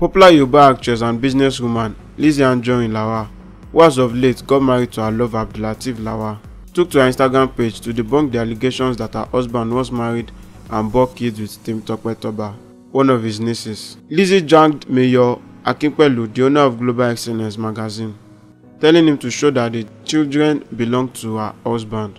Popular Yoruba actress and businesswoman Lizzie Anjorin Lawal, who as of late got married to her lover Abdulateef Lawal, took to her Instagram page to debunk the allegations that her husband was married and bore kids with Tim Tope Toba, one of his nieces. Lizzie jagged Mayor Akinpelu, the owner of Global Excellence magazine, telling him to show that the children belong to her husband.